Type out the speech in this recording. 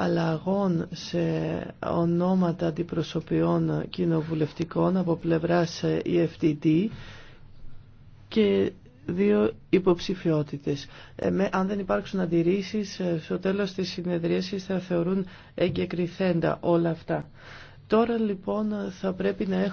αλλαγών σε ονόματα αντιπροσωπιών κοινοβουλευτικών από πλευράς ε, EFTD και δύο υποψηφιότητες. αν δεν υπάρξουν αντιρρήσεις, ε, στο τέλος της συνεδρίασης θα θεωρούν εγκεκριθέντα όλα αυτά. Τώρα λοιπόν θα πρέπει να έχουμε